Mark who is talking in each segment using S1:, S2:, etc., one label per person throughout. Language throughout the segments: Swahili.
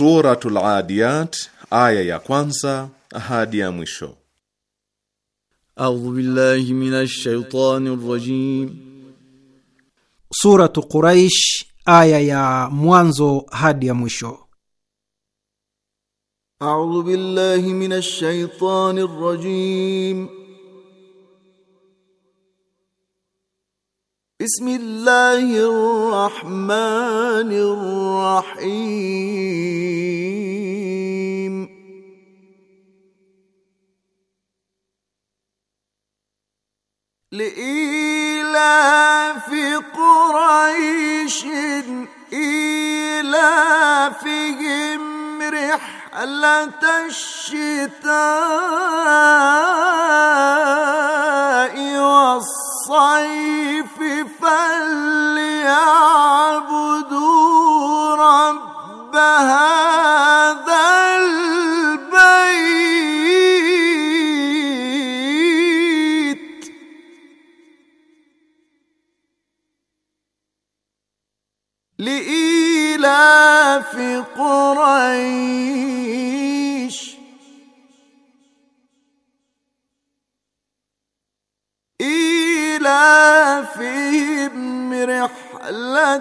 S1: Suratul Adiyat aya ya kwanza hadi ya mwisho.
S2: A'udhu billahi minash shaitanir rajim.
S3: Suratul Quraish aya ya mwanzo hadi ya mwisho.
S2: A'udhu billahi minash shaitanir rajim. بسم الله الرحمن الرحيم لإيلاف قريش إيلافهم رحلة الشتاء والصيف الصيف فليعبدوا رب هذا البيت لإيلاف قريش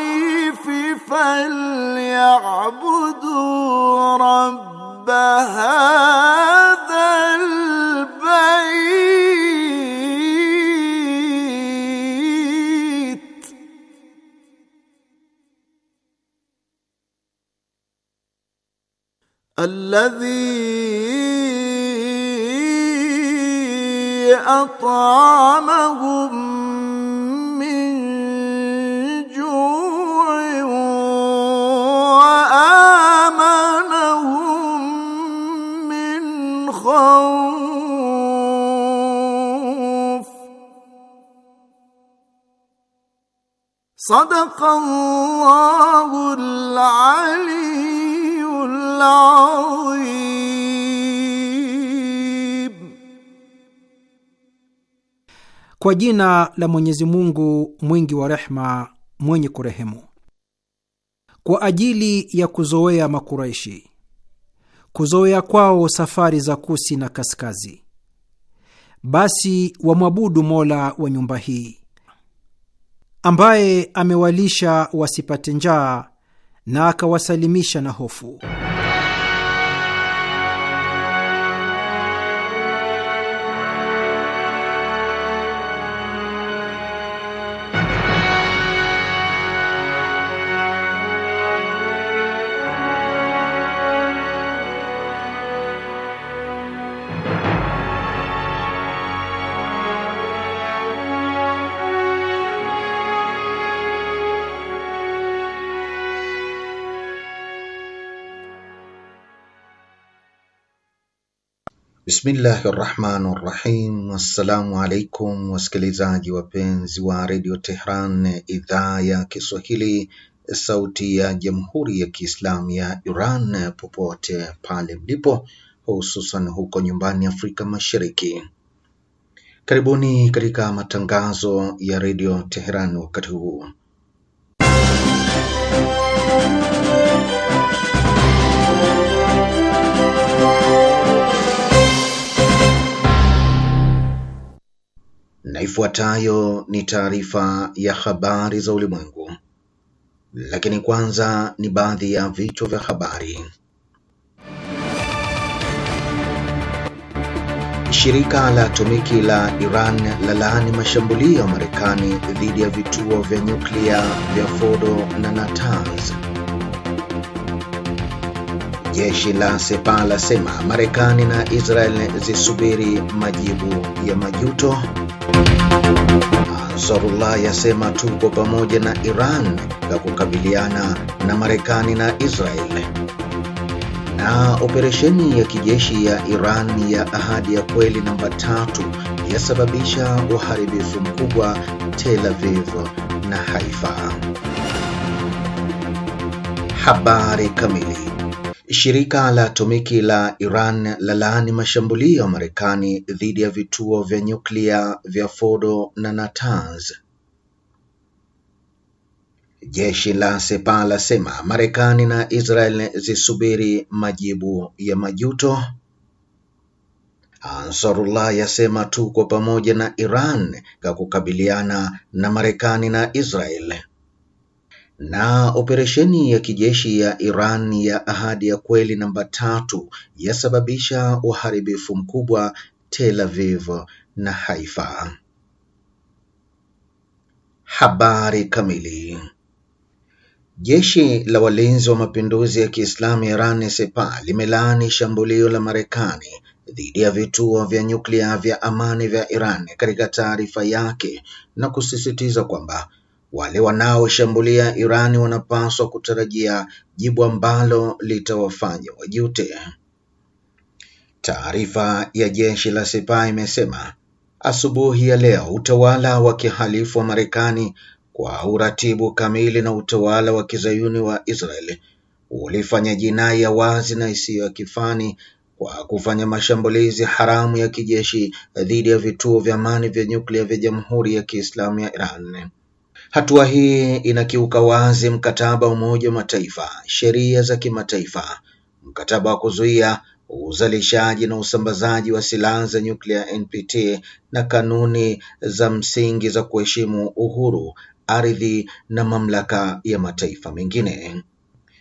S2: الضعيف فليعبدوا رب هذا البيت الذي أطعمهم الخوف صدق الله العلي العظيم
S3: Kwa jina la Mwenyezi Mungu mwingi wa rehma mwenye kurehemu. Kwa ajili ya kuzoea Makuraishi kuzoea kwao safari za kusi na kaskazi, basi wamwabudu Mola wa nyumba hii ambaye amewalisha wasipate njaa na akawasalimisha na hofu.
S4: Bismillahi rahmani rahim. Assalamu alaikum wasikilizaji wapenzi wa redio Tehran, idhaa ya Kiswahili, sauti ya jamhuri ya Kiislamu ya Iran, popote pale mlipo, hususan huko nyumbani Afrika Mashariki. Karibuni katika matangazo ya redio Tehran wakati huu na ifuatayo ni taarifa ya habari za ulimwengu, lakini kwanza ni baadhi ya vichwa vya habari. Shirika la atomiki la Iran laani mashambulio ya Marekani dhidi ya vituo vya nyuklia vya Fordo na Natanz. Jeshi la sepa lasema Marekani na Israel zisubiri majibu ya majuto. Ansarullah yasema tuko pamoja na Iran ya kukabiliana na Marekani na Israel. Na operesheni ya kijeshi ya Iran ya Ahadi ya Kweli namba tatu yasababisha uharibifu mkubwa Tel Aviv na Haifa. Habari kamili Shirika la Atomiki la Iran laani mashambulio ya Marekani dhidi ya vituo vya nyuklia vya Fordo na Natanz. Jeshi la sepa lasema Marekani na Israel zisubiri majibu ya majuto. Ansarullah yasema tuko pamoja na Iran kwa kukabiliana na Marekani na Israel. Na operesheni ya kijeshi ya Iran ya Ahadi ya Kweli namba tatu yasababisha uharibifu mkubwa Tel Aviv na Haifa. Habari kamili. Jeshi la Walinzi wa Mapinduzi ya Kiislamu Iran Sepa limelaani shambulio la Marekani dhidi ya vituo vya nyuklia vya amani vya Iran katika taarifa yake na kusisitiza kwamba wale wanaoshambulia Irani wanapaswa kutarajia jibu ambalo litawafanya wajute. Taarifa ya jeshi la Sepa imesema asubuhi ya leo utawala wa kihalifu wa Marekani kwa uratibu kamili na utawala wa kizayuni wa Israel ulifanya jinai ya wazi na isiyo ya kifani kwa kufanya mashambulizi haramu ya kijeshi dhidi ya vituo vya amani vya nyuklia vya Jamhuri ya Kiislamu ya Iran. Hatua hii inakiuka wazi mkataba wa Umoja wa Mataifa, sheria za kimataifa, mkataba wa kuzuia uzalishaji na usambazaji wa silaha za nyuklia NPT, na kanuni za msingi za kuheshimu uhuru, ardhi na mamlaka ya mataifa mengine.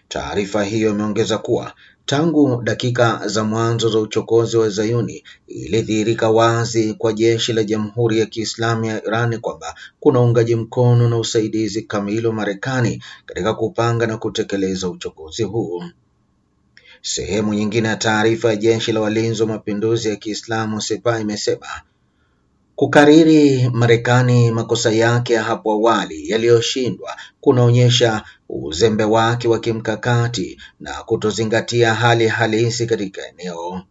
S4: Taarifa hiyo imeongeza kuwa Tangu dakika za mwanzo za uchokozi wa Zayuni ilidhihirika wazi kwa jeshi la Jamhuri ya Kiislamu ya Irani kwamba kuna uungaji mkono na usaidizi kamili wa Marekani katika kupanga na kutekeleza uchokozi huu. Sehemu nyingine ya taarifa ya Jeshi la Walinzi wa Mapinduzi ya Kiislamu Sepah imesema Kukariri Marekani makosa yake ya hapo awali yaliyoshindwa kunaonyesha uzembe wake wa kimkakati na kutozingatia hali halisi katika eneo.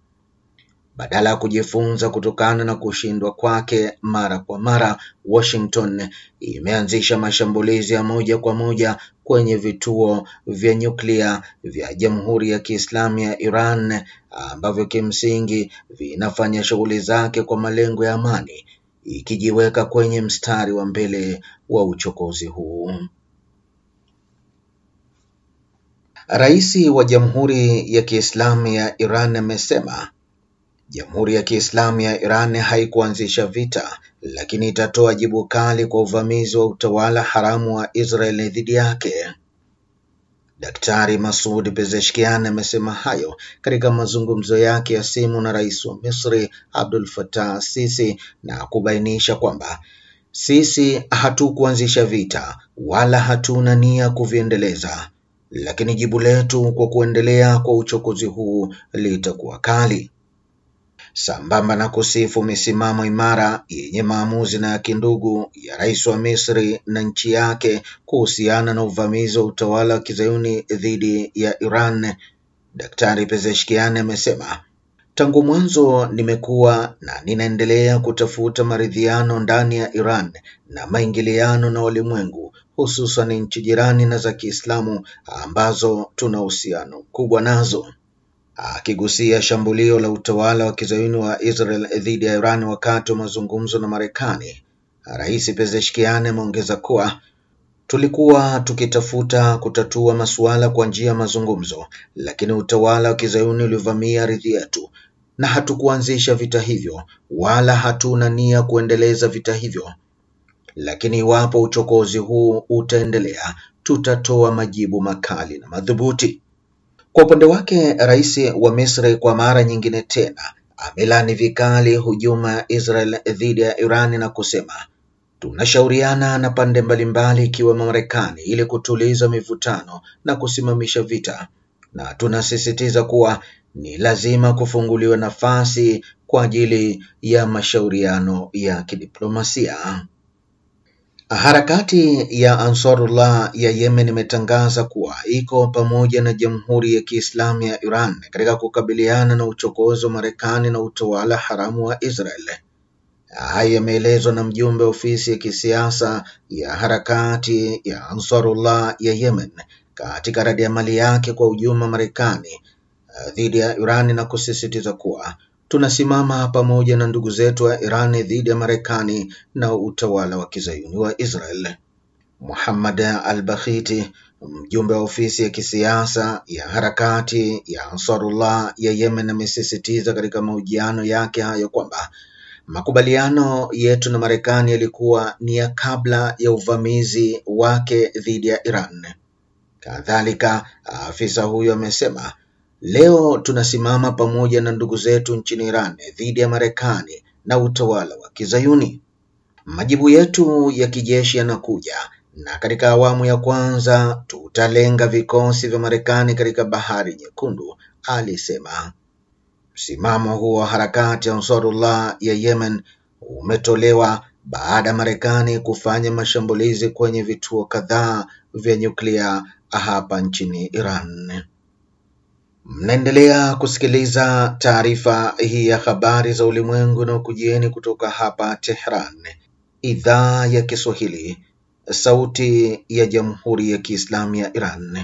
S4: Badala ya kujifunza kutokana na kushindwa kwake mara kwa mara, Washington imeanzisha mashambulizi ya moja kwa moja kwenye vituo vya nyuklia vya Jamhuri ya Kiislamu ya Iran ambavyo kimsingi vinafanya shughuli zake kwa malengo ya amani ikijiweka kwenye mstari wa mbele wa uchokozi huu. Rais wa Jamhuri ya Kiislamu ya Iran amesema Jamhuri ya Kiislamu ya Iran haikuanzisha vita, lakini itatoa jibu kali kwa uvamizi wa utawala haramu wa Israel dhidi yake. Daktari Masoud Pezeshkian amesema hayo katika mazungumzo yake ya simu na rais wa Misri Abdul Fattah Sisi na kubainisha kwamba sisi hatukuanzisha vita wala hatuna nia kuviendeleza, lakini jibu letu kwa kuendelea kwa uchokozi huu litakuwa kali sambamba na kusifu misimamo imara yenye maamuzi na ya kindugu ya rais wa Misri na nchi yake kuhusiana na uvamizi wa utawala wa kizayuni dhidi ya Iran. Daktari Pezeshkian amesema tangu mwanzo nimekuwa na ninaendelea kutafuta maridhiano ndani ya Iran na maingiliano na ulimwengu, hususan nchi jirani na za Kiislamu ambazo tuna uhusiano mkubwa nazo akigusia shambulio la utawala wa kizayuni wa Israel dhidi ya Iran wakati wa mazungumzo na Marekani. Rais Pezeshkian ameongeza kuwa tulikuwa tukitafuta kutatua masuala kwa njia ya mazungumzo, lakini utawala wa kizayuni ulivamia ardhi yetu na hatukuanzisha vita hivyo wala hatuna nia kuendeleza vita hivyo, lakini iwapo uchokozi huu utaendelea, tutatoa majibu makali na madhubuti. Kwa upande wake, rais wa Misri kwa mara nyingine tena amelani vikali hujuma ya Israel dhidi ya Iran na kusema tunashauriana na pande mbalimbali ikiwemo Marekani ili kutuliza mivutano na kusimamisha vita, na tunasisitiza kuwa ni lazima kufunguliwa nafasi kwa ajili ya mashauriano ya kidiplomasia. Harakati ya Ansarullah ya Yemen imetangaza kuwa iko pamoja na Jamhuri ya Kiislamu ya Iran katika kukabiliana na uchokozi wa Marekani na utawala haramu wa Israel. Haya yameelezwa na mjumbe wa ofisi ya kisiasa ya harakati ya Ansarullah ya Yemen katika ya mali yake kwa ujuma Marekani eh, dhidi ya Iran na kusisitiza kuwa tunasimama pamoja na ndugu zetu wa Iran dhidi ya Marekani na utawala wa kizayuni wa Israel. Muhammad al-Bakhiti, mjumbe wa ofisi ya kisiasa ya harakati ya Ansarullah ya Yemen, amesisitiza katika mahojiano yake hayo kwamba makubaliano yetu na Marekani yalikuwa ni ya kabla ya uvamizi wake dhidi ya Iran. Kadhalika, afisa huyo amesema Leo tunasimama pamoja na ndugu zetu nchini Iran dhidi ya Marekani na utawala wa Kizayuni. Majibu yetu ya kijeshi yanakuja, na katika awamu ya kwanza tutalenga vikosi vya Marekani katika Bahari Nyekundu, alisema. Msimamo huo wa harakati ya Ansarullah ya Yemen umetolewa baada ya Marekani kufanya mashambulizi kwenye vituo kadhaa vya nyuklia hapa nchini Iran. Mnaendelea kusikiliza taarifa hii ya habari za ulimwengu na ukujieni kutoka hapa Tehran, idhaa ya Kiswahili, sauti ya jamhuri ya kiislamu ya Iran.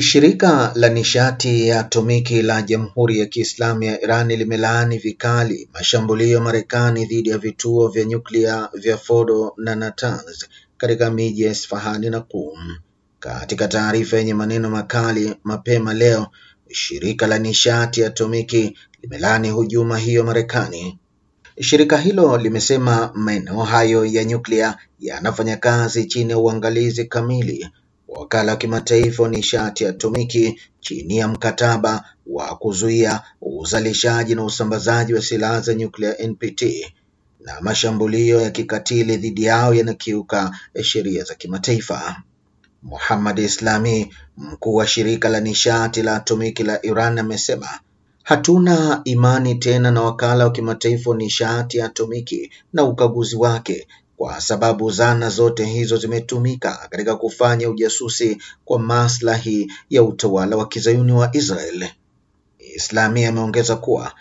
S4: Shirika la nishati ya atomiki la jamhuri ya kiislamu ya Iran limelaani vikali mashambulio ya Marekani dhidi ya vituo vya nyuklia vya Fordo na Natanz katika miji ya Isfahani na qum Katika taarifa yenye maneno makali mapema leo Shirika la nishati ya atomiki limelani hujuma hiyo Marekani. Shirika hilo limesema maeneo hayo ya nyuklia yanafanya kazi chini ya uangalizi kamili wa wakala wa kimataifa wa nishati ya atomiki chini ya mkataba wa kuzuia uzalishaji na usambazaji wa silaha za nyuklia NPT, na mashambulio ya kikatili dhidi yao yanakiuka sheria za kimataifa. Muhammad Islami, mkuu wa shirika la nishati la atomiki la Iran, amesema hatuna imani tena na wakala wa kimataifa wa nishati ya atomiki na ukaguzi wake kwa sababu zana zote hizo zimetumika katika kufanya ujasusi kwa maslahi ya utawala wa kizayuni wa Israel. Islami ameongeza kuwa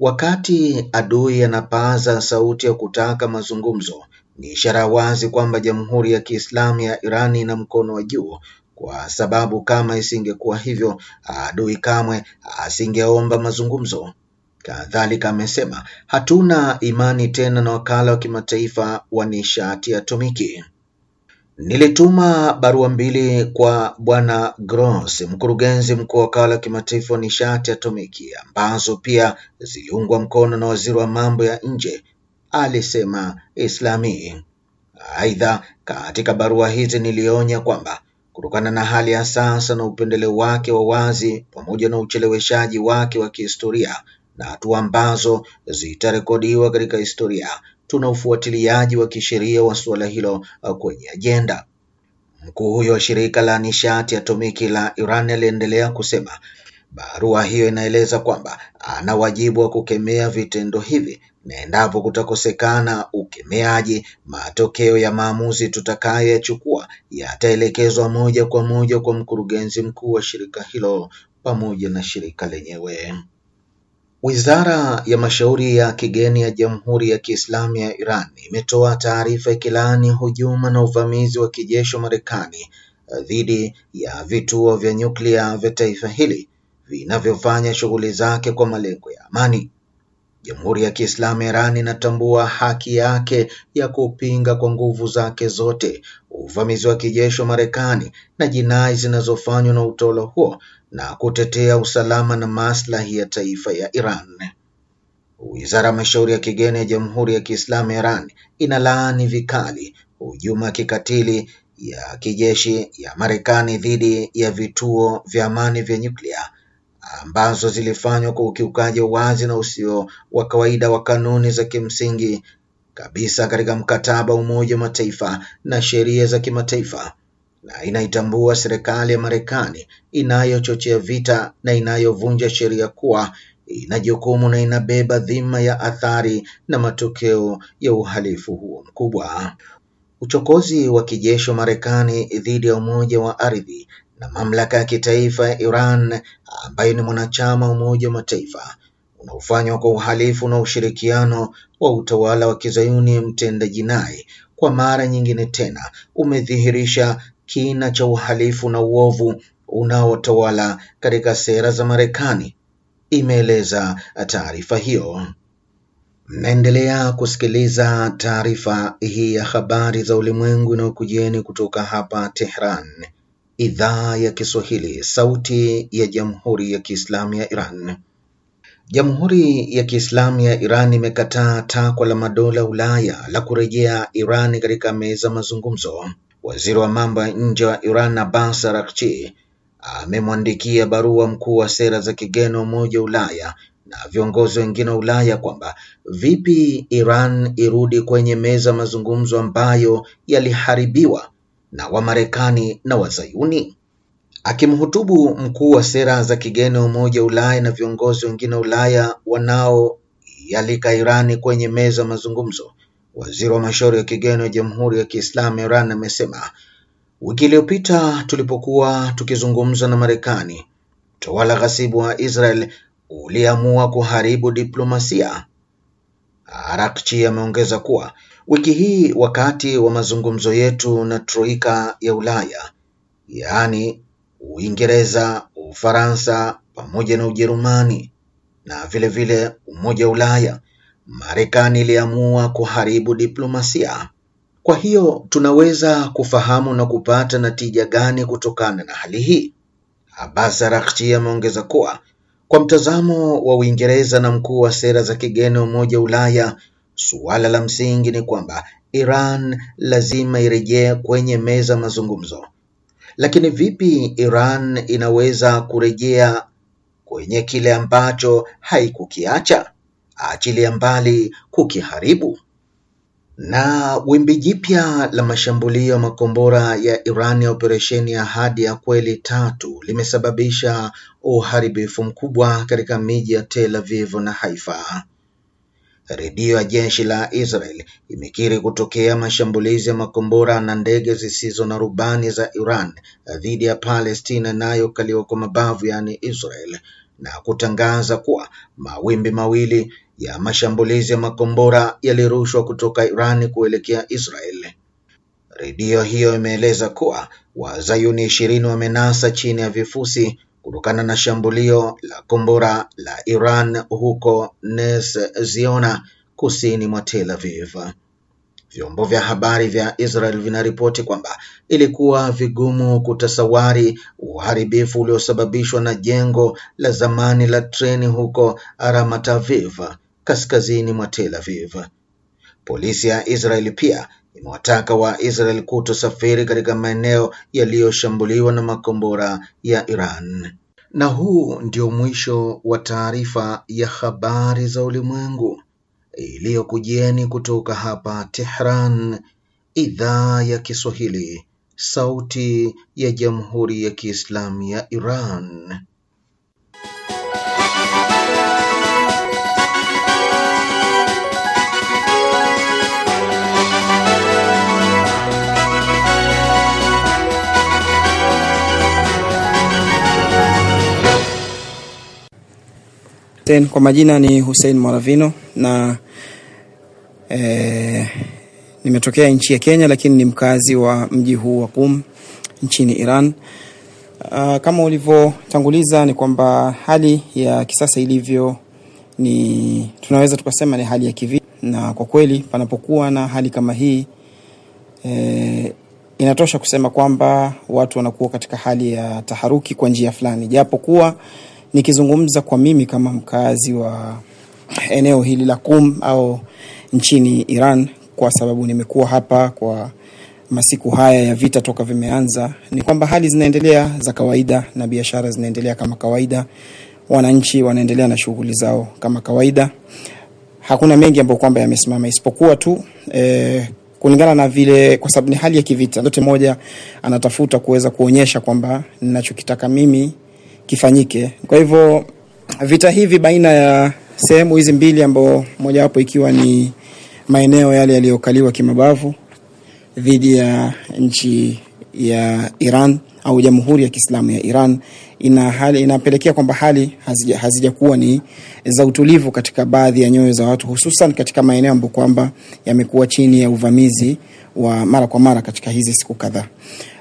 S4: wakati adui anapaza sauti ya kutaka mazungumzo, ni ishara wazi kwamba Jamhuri ya Kiislamu ya Iran ina mkono wa juu, kwa sababu kama isingekuwa hivyo, adui kamwe asingeomba mazungumzo. Kadhalika amesema hatuna imani tena na wakala wa kimataifa wa nishati atomiki. Nilituma barua mbili kwa Bwana Gross, mkurugenzi mkuu wa wakala wa kimataifa wa nishati atomiki, ambazo pia ziliungwa mkono na waziri wa mambo ya nje alisema Islami. Aidha, katika barua hizi nilionya kwamba kutokana na hali ya sasa na upendeleo wake wa wazi pamoja na ucheleweshaji wake wa kihistoria na hatua ambazo zitarekodiwa katika historia, tuna ufuatiliaji wa kisheria wa suala hilo kwenye ajenda. Mkuu huyo wa shirika la nishati atomiki la Iran aliendelea kusema, barua hiyo inaeleza kwamba ana wajibu wa kukemea vitendo hivi na endapo kutakosekana ukemeaji, matokeo ya maamuzi tutakayoyachukua yataelekezwa moja kwa moja kwa mkurugenzi mkuu wa shirika hilo pamoja na shirika lenyewe. Wizara ya Mashauri ya Kigeni ya Jamhuri ya Kiislamu ya Iran imetoa taarifa ikilaani hujuma na uvamizi wa kijeshi wa Marekani eh, dhidi ya vituo vya nyuklia vya taifa hili vinavyofanya shughuli zake kwa malengo ya amani. Jamhuri ya Kiislamu Iran inatambua haki yake ya kupinga kwa nguvu zake zote uvamizi wa kijeshi wa Marekani na jinai zinazofanywa na utawala huo na kutetea usalama na maslahi ya taifa ya Iran. Wizara ya Mashauri ya Kigeni ya Jamhuri ya Kiislamu ya Iran inalaani vikali hujuma kikatili ya kijeshi ya Marekani dhidi ya vituo vya amani vya nyuklia ambazo zilifanywa kwa ukiukaji wazi na usio wa kawaida wa kanuni za kimsingi kabisa katika mkataba wa Umoja wa Mataifa na sheria za kimataifa na inaitambua serikali ya Marekani inayochochea vita na inayovunja sheria kuwa ina jukumu na inabeba dhima ya athari na matokeo ya uhalifu huo mkubwa. Uchokozi wa kijeshi wa Marekani dhidi ya umoja wa ardhi na mamlaka ya kitaifa ya Iran ambayo ni mwanachama wa Umoja wa Mataifa unaofanywa kwa uhalifu na ushirikiano wa utawala wa kizayuni mtenda jinai, kwa mara nyingine tena umedhihirisha kina cha uhalifu na uovu unaotawala katika sera za Marekani, imeeleza taarifa hiyo. Mnaendelea kusikiliza taarifa hii ya habari za ulimwengu inayokujieni kutoka hapa Tehran, Idhaa ya Kiswahili, Sauti ya Jamhuri ya Kiislamu ya Iran. Jamhuri ya Kiislamu ya Iran imekataa takwa la madola Ulaya la kurejea Iran katika meza mazungumzo. Waziri wa mambo ya nje wa Iran Abbas Araghchi amemwandikia barua mkuu wa sera za kigeni wa Umoja wa Ulaya na viongozi wengine wa Ulaya kwamba vipi Iran irudi kwenye meza mazungumzo ambayo yaliharibiwa na Wamarekani na Wazayuni? Akimhutubu mkuu wa sera za kigeni wa Umoja wa Ulaya na viongozi wengine wa Ulaya wanaoyalika Irani kwenye meza ya mazungumzo, waziri wa mashauri ya kigeni wa Jamhuri ya Kiislamu Iran amesema wiki iliyopita tulipokuwa tukizungumza na Marekani, utawala ghasibu wa Israel uliamua kuharibu diplomasia. Arakchi ameongeza kuwa Wiki hii wakati wa mazungumzo yetu na troika ya Ulaya, yaani Uingereza, Ufaransa pamoja na Ujerumani na vilevile vile Umoja wa Ulaya, Marekani iliamua kuharibu diplomasia. Kwa hiyo tunaweza kufahamu na kupata natija gani kutokana na hali hii? Abbas Araghchi ameongeza kuwa kwa mtazamo wa Uingereza na mkuu wa sera za kigeni Umoja wa Ulaya Suala la msingi ni kwamba Iran lazima irejee kwenye meza mazungumzo. Lakini vipi Iran inaweza kurejea kwenye kile ambacho haikukiacha, achilia mbali kukiharibu? Na wimbi jipya la mashambulio makombora ya Iran ya operesheni ya Ahadi ya Kweli tatu limesababisha uharibifu mkubwa katika miji ya Tel Aviv na Haifa. Redio ya jeshi la Israel imekiri kutokea mashambulizi ya makombora na ndege zisizo na rubani za Iran dhidi ya Palestina inayokaliwa kwa mabavu, yaani Israel, na kutangaza kuwa mawimbi mawili ya mashambulizi ya makombora yalirushwa kutoka Iran kuelekea Israel. Redio hiyo imeeleza kuwa wazayuni ishirini wamenasa chini ya vifusi kutokana na shambulio la kombora la Iran huko Nes Ziona kusini mwa Tel Aviv. Vyombo vya habari vya Israel vinaripoti kwamba ilikuwa vigumu kutasawari uharibifu uliosababishwa na jengo la zamani la treni huko Ramat Aviv kaskazini mwa Tel Aviv. Polisi ya Israel pia imewataka israel kutosafiri katika maeneo yaliyoshambuliwa na makombora ya Iran. Na huu ndio mwisho wa taarifa ya habari za ulimwengu iliyokujieni kutoka hapa Tehran, idhaa ya Kiswahili, sauti ya Jamhuri ya Kiislamu ya Iran.
S3: Ten, kwa majina ni Hussein mwaravino na e, nimetokea nchi ya Kenya lakini ni mkazi wa mji huu wa Qum nchini Iran. Uh, kama ulivyotanguliza ni kwamba hali ya kisasa ilivyo ni tunaweza tukasema ni hali ya kivi, na kwa kweli panapokuwa na hali kama hii e, inatosha kusema kwamba watu wanakuwa katika hali ya taharuki kwa njia fulani, japo kuwa Nikizungumza kwa mimi kama mkazi wa eneo hili la Qum au nchini Iran, kwa sababu nimekuwa hapa kwa masiku haya ya vita toka vimeanza, ni kwamba hali zinaendelea za kawaida na biashara zinaendelea kama kawaida, wananchi wanaendelea na shughuli zao kama kawaida. Hakuna mengi ambayo kwamba yamesimama isipokuwa tu eh, kulingana na vile, kwa sababu ni hali ya kivita, yote moja anatafuta kuweza kuonyesha kwamba ninachokitaka mimi kifanyike. Kwa hivyo vita hivi baina ya sehemu hizi mbili ambao mojawapo ikiwa ni maeneo yale yaliyokaliwa kimabavu dhidi ya nchi ya Iran au Jamhuri ya Kiislamu ya Iran ina hali, inapelekea kwamba hali hazijakuwa ni za utulivu katika baadhi ya nyoyo za watu, hususan katika maeneo ambayo kwamba yamekuwa chini ya uvamizi wa mara kwa mara katika hizi siku kadhaa.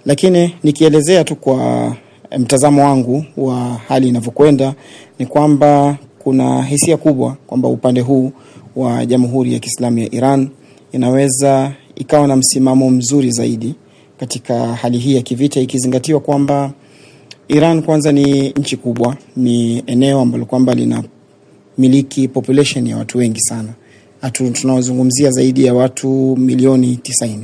S3: Lakini nikielezea tu kwa mtazamo wangu wa hali inavyokwenda ni kwamba kuna hisia kubwa kwamba upande huu wa Jamhuri ya Kiislamu ya Iran inaweza ikawa na msimamo mzuri zaidi katika hali hii ya kivita, ikizingatiwa kwamba Iran kwanza ni nchi kubwa, ni eneo ambalo kwamba lina miliki population ya watu wengi sana, tunaozungumzia zaidi ya watu milioni 9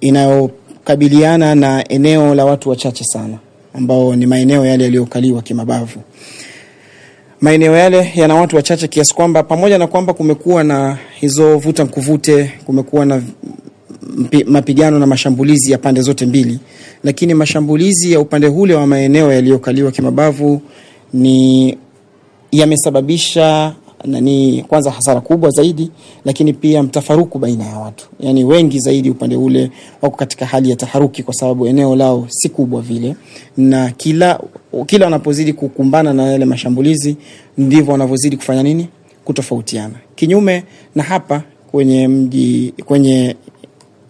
S3: inayokabiliana na eneo la watu wachache sana ambao ni maeneo yale yaliyokaliwa kimabavu. Maeneo yale yana watu wachache kiasi kwamba pamoja na kwamba kumekuwa na hizo vuta nkuvute, kumekuwa na mapigano na mashambulizi ya pande zote mbili, lakini mashambulizi ya upande ule wa maeneo yaliyokaliwa kimabavu ni yamesababisha nani kwanza hasara kubwa zaidi, lakini pia mtafaruku baina ya watu, yani wengi zaidi upande ule wako katika hali ya taharuki, kwa sababu eneo lao si kubwa vile, na kila kila wanapozidi kukumbana na yale mashambulizi ndivyo wanavyozidi kufanya nini, kutofautiana. Kinyume na hapa kwenye mji kwenye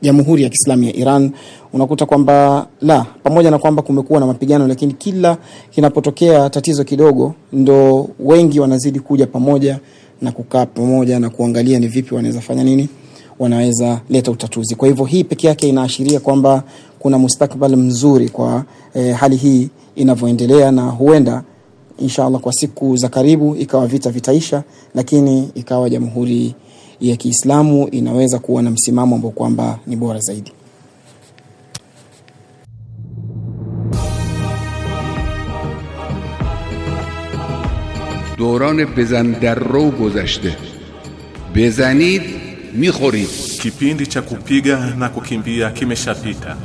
S3: Jamhuri ya Kiislamu ya Iran, unakuta kwamba la, pamoja na kwamba kumekuwa na mapigano, lakini kila kinapotokea tatizo kidogo, ndo wengi wanazidi kuja pamoja na kukaa pamoja na kuangalia ni vipi wanaweza fanya nini, wanaweza leta utatuzi. Kwa hivyo hii peke yake inaashiria kwamba kuna mustakbal mzuri kwa eh, hali hii inavyoendelea, na huenda inshallah kwa siku za karibu ikawa vita vitaisha, lakini ikawa jamhuri ya Kiislamu inaweza kuwa na msimamo ambao kwamba ni bora zaidi.
S1: دوران بزن در رو گذشته بزنید میخورید kipindi cha kupiga na kukimbia kimeshapita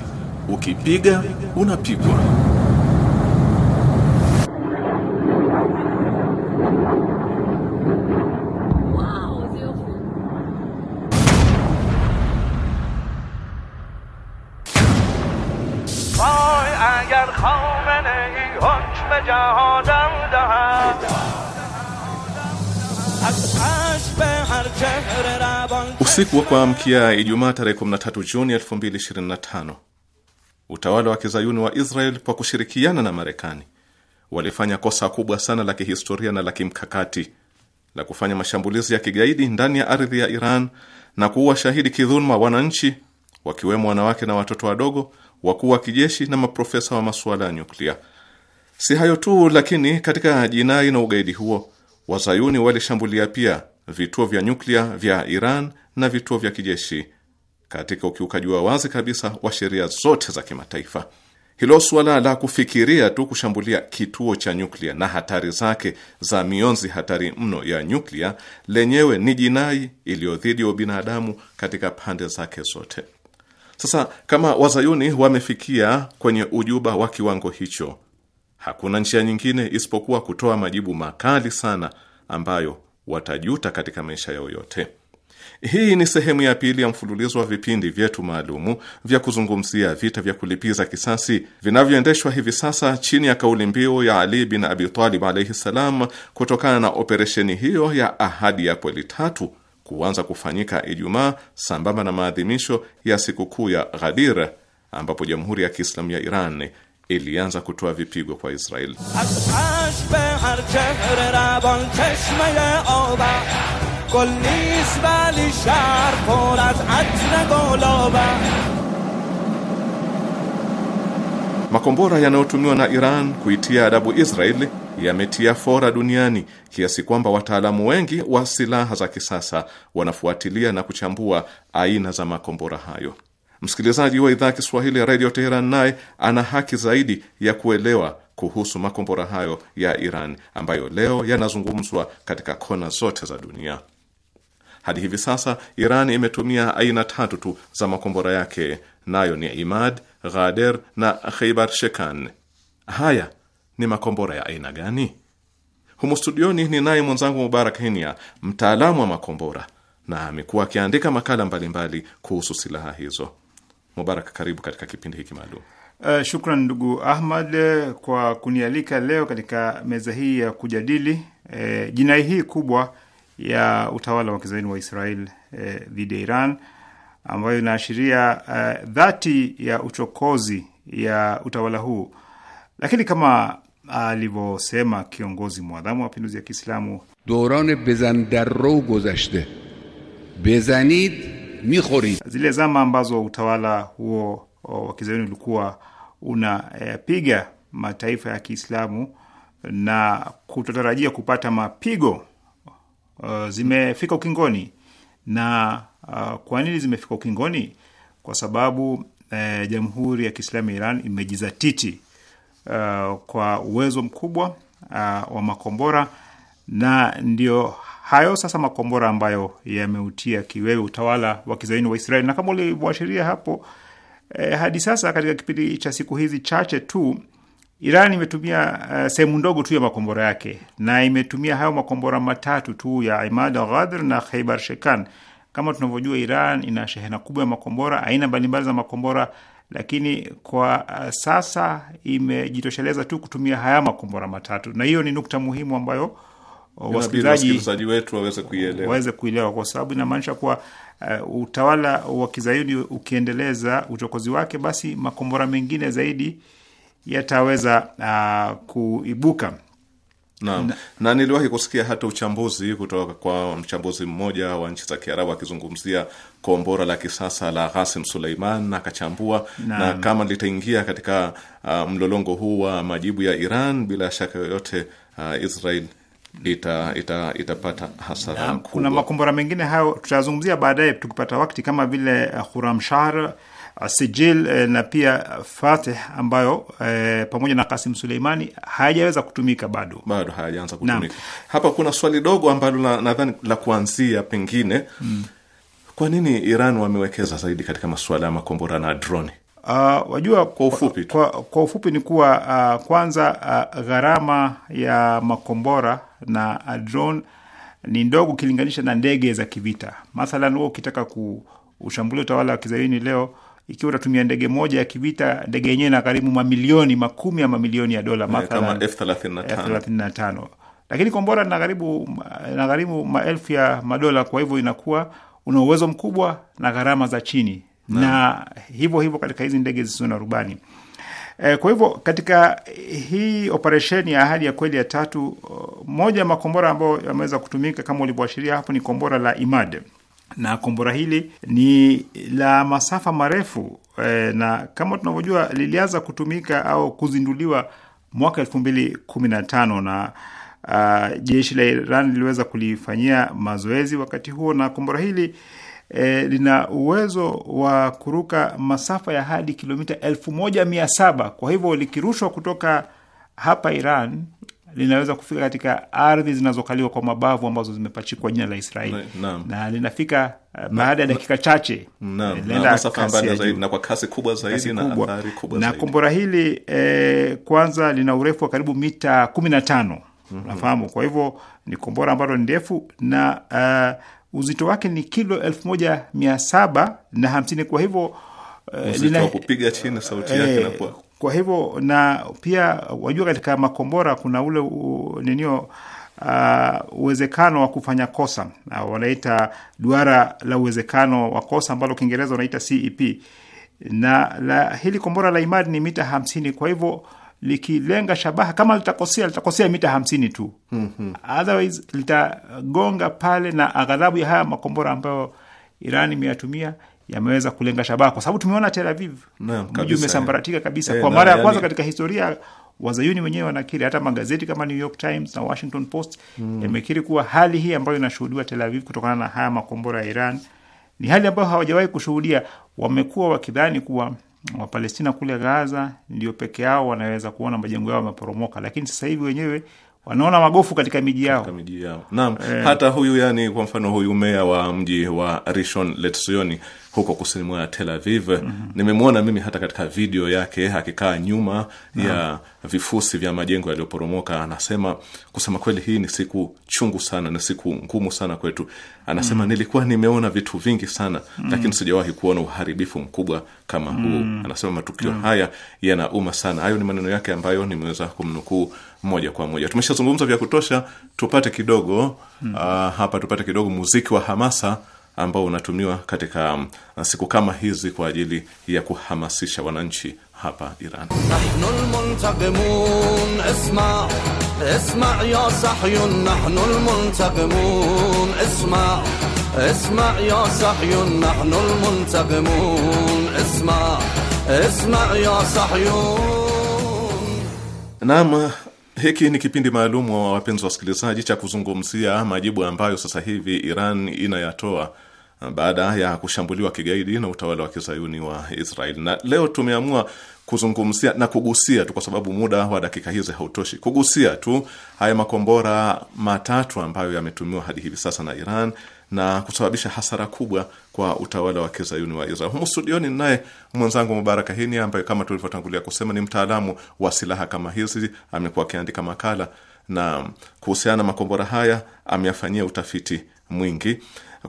S1: ukipiga unapigwa Usiku wa kuamkia Ijumaa tarehe 13 Juni 2025 utawala wa kizayuni wa Israel kwa kushirikiana na Marekani walifanya kosa kubwa sana la kihistoria na la kimkakati la kufanya mashambulizi ya kigaidi ndani ya ardhi ya Iran na kuua shahidi kidhuluma wananchi wakiwemo wanawake na watoto wadogo, wakuu wa kijeshi na maprofesa wa masuala ya nyuklia. Si hayo tu, lakini katika jinai na ugaidi huo wazayuni walishambulia pia vituo vya nyuklia vya Iran na vituo vya kijeshi katika ukiukaji wa wazi kabisa wa sheria zote za kimataifa. Hilo suala la kufikiria tu kushambulia kituo cha nyuklia na hatari zake za mionzi hatari mno ya nyuklia lenyewe ni jinai iliyo dhidi ya katika pande zake zote. Sasa kama wazayuni wamefikia kwenye ujuba wa kiwango hicho, hakuna njia nyingine isipokuwa kutoa majibu makali sana ambayo watajuta katika maisha yao yote. Hii ni sehemu ya pili ya mfululizo wa vipindi vyetu maalumu vya kuzungumzia vita vya kulipiza kisasi vinavyoendeshwa hivi sasa chini ya kauli mbiu ya Ali bin Abi Talib alaihi ssalam, kutokana na operesheni hiyo ya Ahadi ya Kweli tatu kuanza kufanyika Ijumaa sambamba na maadhimisho ya sikukuu ya Ghadir ambapo Jamhuri ya Kiislamu ya Iran ilianza kutoa vipigo kwa Israeli. Makombora yanayotumiwa na Iran kuitia adabu Israeli yametia fora duniani kiasi kwamba wataalamu wengi wa silaha za kisasa wanafuatilia na kuchambua aina za makombora hayo. Msikilizaji wa idhaa Kiswahili ya redio Teheran naye ana haki zaidi ya kuelewa kuhusu makombora hayo ya Iran ambayo leo yanazungumzwa katika kona zote za dunia. Hadi hivi sasa Iran imetumia aina tatu tu za makombora yake, nayo ni Imad, Ghader na Kheibar Shekan. Haya ni makombora ya aina gani? Humu studioni ni naye mwenzangu Mubarak Hinia, mtaalamu wa makombora, na amekuwa akiandika makala mbalimbali mbali kuhusu silaha hizo. Mubarak, karibu katika kipindi hiki maalum.
S5: Uh, shukran ndugu Ahmad eh, kwa kunialika leo katika meza hii ya kujadili eh, jinai hii kubwa ya utawala wa kizaini wa Israel eh, dhidi eh, ya Iran ambayo inaashiria uh, dhati ya uchokozi ya utawala huu, lakini kama alivyosema kiongozi mwadhamu wa mapinduzi ya Kiislamu, dorane bezan darro gozashte bezanid Mihori. Zile zama ambazo utawala huo wa kizayuni ulikuwa unayapiga mataifa ya Kiislamu na kutotarajia kupata mapigo uh, zimefika ukingoni. Na uh, kwa nini zimefika ukingoni? Kwa sababu uh, Jamhuri ya Kiislamu ya Iran imejizatiti uh, kwa uwezo mkubwa uh, wa makombora na ndio hayo sasa makombora ambayo yameutia kiwewe utawala wa kizaini wa Israeli. Na kama ulivyoashiria hapo eh, hadi sasa katika kipindi cha siku hizi chache tu Iran imetumia uh, sehemu ndogo tu ya makombora yake na imetumia hayo makombora matatu tu ya Imad Al-Ghadir na Khaibar Shekan. Kama tunavyojua, Iran ina shehena kubwa ya makombora, aina mbalimbali za makombora, lakini kwa uh, sasa imejitosheleza tu kutumia haya makombora matatu, na hiyo ni nukta muhimu ambayo wasikilizaji
S1: wetu waweze kuielewa, waweze
S5: kuielewa kwa sababu inamaanisha kuwa uh, utawala wa kizayuni ukiendeleza uchokozi wake, basi makombora mengine zaidi yataweza uh, kuibuka.
S1: Na, Na, na niliwahi kusikia hata uchambuzi kutoka kwa mchambuzi mmoja wa nchi za Kiarabu akizungumzia kombora la kisasa la Qasim Suleiman akachambua na, na kama litaingia katika uh, mlolongo huu wa majibu ya Iran bila shaka yoyote uh, Israel ita, ita, itapata hasara kubwa.
S5: Kuna makombora mengine hayo tutayazungumzia baadaye tukipata wakati, kama vile eh, Khuramshar, eh, Sijil eh, na pia Fatih ambayo e, pamoja na Kasim Suleimani hayajaweza kutumika bado, bado hayajaanza kutumika na. Hapa kuna swali
S1: dogo ambalo nadhani na, la kuanzia pengine mm. Kwa nini Iran wamewekeza zaidi katika masuala ya makombora na droni?
S5: Uh, ah, wajua kwa ufupi, kwa, kwa, kwa ufupi ni kuwa uh, kwanza uh, gharama ya makombora na drone ni ndogo ukilinganisha na ndege za kivita. Mathalan, wewe ukitaka kuushambulia utawala wa kizayuni leo, ikiwa utatumia ndege moja ya kivita, ndege yenyewe inagharimu mamilioni, makumi ya mamilioni ya dola, eh, mathalan F35 lakini kombora inagharimu maelfu ya madola. Kwa hivyo inakuwa una uwezo mkubwa na gharama za chini na, na hivyo hivyo katika hizi ndege zisizo na rubani. E, kwa hivyo katika hii operesheni ya ahadi ya kweli ya tatu, oh, moja ya makombora ambayo yameweza kutumika kama ulivyoashiria hapo ni kombora la Imad, na kombora hili ni la masafa marefu e, na kama tunavyojua lilianza kutumika au kuzinduliwa mwaka elfu mbili kumi na tano na ah, jeshi la Iran liliweza kulifanyia mazoezi wakati huo, na kombora hili e, lina uwezo wa kuruka masafa ya hadi kilomita elfu moja mia saba. Kwa hivyo likirushwa kutoka hapa Iran linaweza kufika katika ardhi zinazokaliwa kwa mabavu ambazo zimepachikwa jina la Israeli na, na linafika eh, baada ya dakika chache na, na,
S1: na kwa kasi kubwa zaidi na kubwa Na
S5: kombora hili eh, kwanza lina urefu wa karibu mita kumi na tano. Mhm. Nafahamu, kwa hivyo ni kombora ambalo ni ndefu na uh, uzito wake ni kilo elfu moja mia saba na hamsini. Kwa hivyo eh, lina
S1: kupiga chini sauti yake eh,
S5: kwa hivyo na pia wajua, katika makombora kuna ule ninio uh, uwezekano wa kufanya kosa uh, wanaita duara la uwezekano wa kosa ambalo Kiingereza wanaita CEP na la, hili kombora la Imad ni mita hamsini. Kwa hivyo likilenga shabaha, kama litakosea, litakosea mita hamsini tu mm -hmm. Otherwise litagonga pale, na aghadhabu ya haya makombora ambayo Iran imeyatumia yameweza kulenga shabaha, kwa sababu tumeona Tel Aviv mji umesambaratika kabisa, E, kwa mara ya yani... kwanza katika historia wazayuni wenyewe wanakiri, hata magazeti kama New York Times na Washington Post mm. yamekiri kuwa hali hii ambayo inashuhudiwa Tel Aviv kutokana na haya makombora ya Iran ni hali ambayo hawajawahi kushuhudia. Wamekuwa wakidhani kuwa Wapalestina kule Gaza ndio peke yao wanaweza kuona majengo yao yameporomoka, lakini sasa hivi wenyewe wanaona magofu katika miji yao, miji yao.
S1: Naam, eh. Hata huyu yani, kwa mfano huyu meya wa mji wa Rishon Letsioni huko kusini mwa Tel Aviv. mm -hmm. Nimemwona mimi hata katika video yake akikaa nyuma mm -hmm. ya vifusi vya majengo yaliyoporomoka. Anasema kusema kweli, hii ni siku chungu sana, na siku ngumu sana kwetu. Anasema mm -hmm. nilikuwa nimeona vitu vingi sana mm -hmm. lakini sijawahi kuona uharibifu mkubwa kama huu mm -hmm. Anasema matukio mm -hmm. haya yanauma sana. Hayo ni maneno yake ambayo nimeweza kumnukuu moja kwa moja. Tumeshazungumza vya kutosha, tupate kidogo mm -hmm. uh, hapa tupate kidogo muziki wa hamasa ambao unatumiwa katika uh, siku kama hizi kwa ajili ya kuhamasisha wananchi hapa Iran. Naam, hiki ni kipindi maalum wa wapenzi wa wasikilizaji cha kuzungumzia majibu ambayo sasa hivi Iran inayatoa baada ya kushambuliwa kigaidi na utawala wa kizayuni wa Israel. Na leo tumeamua kuzungumzia na kugusia tu, kwa sababu muda wa dakika hizi hautoshi, kugusia tu haya makombora matatu ambayo yametumiwa hadi hivi sasa na Iran na kusababisha hasara kubwa kwa utawala wa kizayuni wa Israel. Humu studioni naye mwenzangu Mubaraka Hini ambaye kama tulivyotangulia kusema ni mtaalamu wa silaha kama hizi, amekuwa akiandika makala na kuhusiana na makombora haya ameyafanyia utafiti mwingi.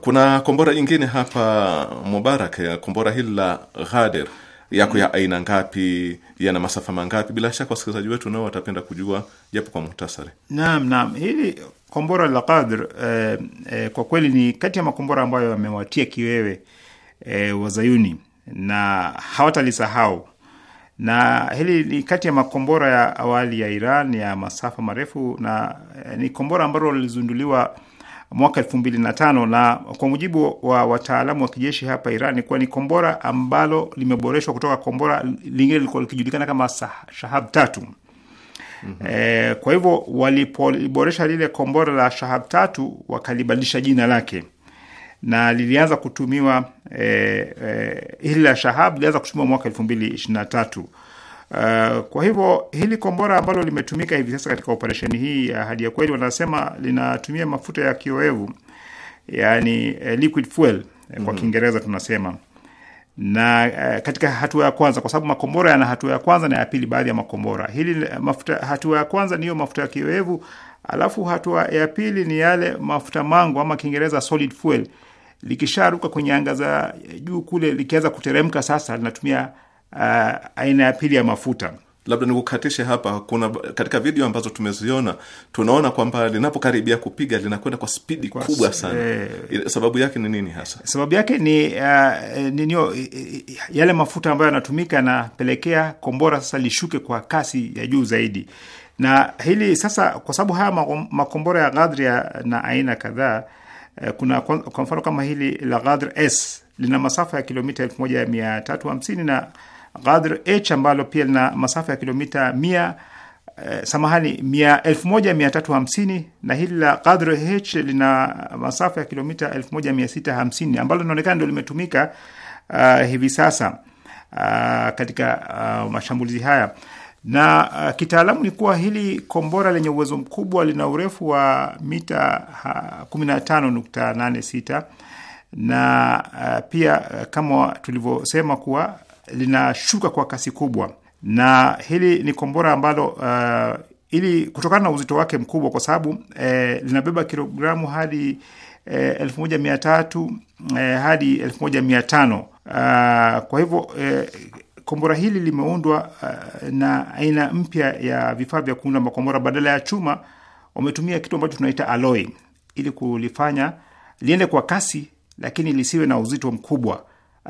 S1: Kuna kombora jingine hapa Mubarak, kombora hili la Ghader yako ya aina ngapi? Yana masafa mangapi? Bila shaka wasikilizaji wetu nao watapenda kujua japo kwa muhtasari.
S5: Naam, naam, hili kombora la Qadr eh, eh, kwa kweli ni kati ya makombora ambayo yamewatia kiwewe eh, wazayuni na hawatalisahau, na hili ni kati ya makombora ya awali ya Iran ya masafa marefu na eh, ni kombora ambalo lilizunduliwa mwaka elfu mbili na tano na kwa mujibu wa wataalamu wa kijeshi hapa Iran ni kuwa ni kombora ambalo limeboreshwa kutoka kombora lingine lilikuwa likijulikana kama Shahab tatu. Mm -hmm. E, kwa hivyo walipoliboresha lile kombora la Shahab tatu wakalibadilisha jina lake na lilianza kutumiwa e, e, hili la Shahab lilianza kutumiwa mwaka elfu mbili ishirini na tatu Uh, kwa hivyo hili kombora ambalo limetumika hivi sasa katika operesheni hii ya Ahadi ya Kweli wanasema linatumia mafuta ya kioevu, yani uh, eh, liquid fuel eh, mm-hmm. kwa Kiingereza tunasema na uh, katika hatua ya kwanza, kwa sababu makombora yana hatua ya kwanza na ya pili, baadhi ya makombora hili mafuta, hatua ya kwanza niyo mafuta ya kioevu, alafu hatua ya pili ni yale mafuta mango ama Kiingereza solid fuel. Likisharuka kwenye anga za juu kule, likianza kuteremka sasa, linatumia uh, aina ya pili ya mafuta. Labda nikukatishe
S1: hapa. Kuna katika video ambazo tumeziona tunaona kwamba linapokaribia kupiga linakwenda kwa spidi kwa kubwa sana e, sababu yake ni nini hasa?
S5: Sababu yake ni uh, ninio, yale mafuta ambayo yanatumika yanapelekea kombora sasa lishuke kwa kasi ya juu zaidi, na hili sasa, kwa sababu haya makombora ya Ghadria na aina kadhaa, eh, kuna kwa mfano kama hili la Ghadr S lina masafa ya kilomita elfu moja mia tatu hamsini na Ghadr H ambalo pia lina masafa ya kilomita mia eh, samahani mia elfu moja mia tatu hamsini na hili la Qadr H lina masafa ya kilomita elfu moja mia sita hamsini ambalo linaonekana ndio limetumika uh, hivi sasa uh, katika uh, mashambulizi haya na uh, kitaalamu ni kuwa hili kombora lenye uwezo mkubwa lina urefu wa mita uh, 15.86 na uh, pia uh, kama tulivyosema kuwa linashuka kwa kasi kubwa, na hili ni kombora ambalo uh, ili kutokana na uzito wake mkubwa, kwa sababu eh, linabeba kilogramu hadi eh, elfu moja mia tatu eh, hadi elfu moja mia tano uh, kwa hivyo eh, kombora hili limeundwa uh, na aina mpya ya vifaa vya kuunda makombora. Badala ya chuma wametumia kitu ambacho tunaita aloi ili kulifanya liende kwa kasi, lakini lisiwe na uzito mkubwa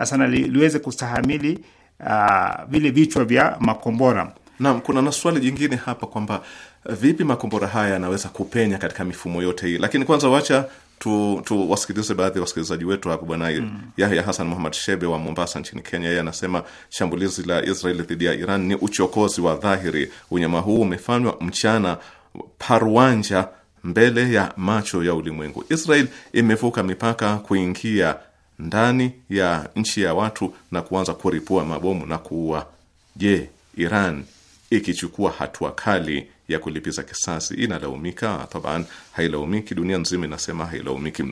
S5: sana liweze kustahamili uh, vile vichwa vya makombora. Naam, kuna na
S1: swali jingine hapa kwamba eh, vipi makombora haya yanaweza kupenya katika mifumo yote hii, lakini kwanza wacha tu, tu wasikilize baadhi ya wasikilizaji wetu hapo. Bwana mm. Yahya Hasan Muhamad Shebe wa Mombasa nchini Kenya, yeye anasema shambulizi la Israeli dhidi ya Iran ni uchokozi wa dhahiri. Unyama huu umefanywa mchana paruanja mbele ya macho ya ulimwengu. Israel imevuka mipaka kuingia ndani ya nchi ya watu na kuanza kuripua mabomu na kuua, je, Iran ikichukua hatua kali ya kulipiza kisasi inalaumika? Taban, hailaumiki. Dunia nzima inasema hailaumiki.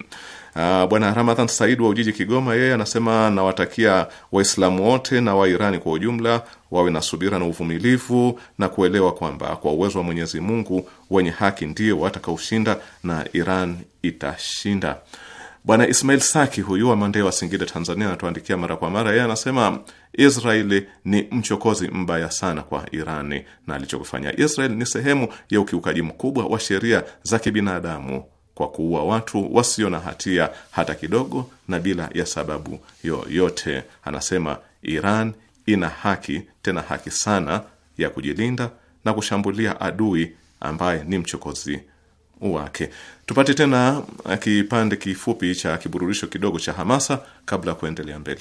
S1: Ah, Bwana Ramadhan Said wa Ujiji, Kigoma, yeye anasema nawatakia Waislamu wote na Wairani kwa ujumla wawe na subira na uvumilivu na kuelewa kwamba kwa uwezo wa Mwenyezi Mungu wenye haki ndio watakaoshinda na Iran itashinda. Bwana Ismail Saki huyu wa Mandeo wa Singida, Tanzania, anatuandikia mara kwa mara. Yeye anasema Israeli ni mchokozi mbaya sana kwa Irani, na alichokifanya Israel ni sehemu ya ukiukaji mkubwa wa sheria za kibinadamu kwa kuua watu wasio na hatia hata kidogo na bila ya sababu yoyote. Anasema Iran ina haki, tena haki sana, ya kujilinda na kushambulia adui ambaye ni mchokozi wake. Tupate tena eh, kipande kifupi cha kiburudisho kidogo cha hamasa kabla ya kuendelea mbele.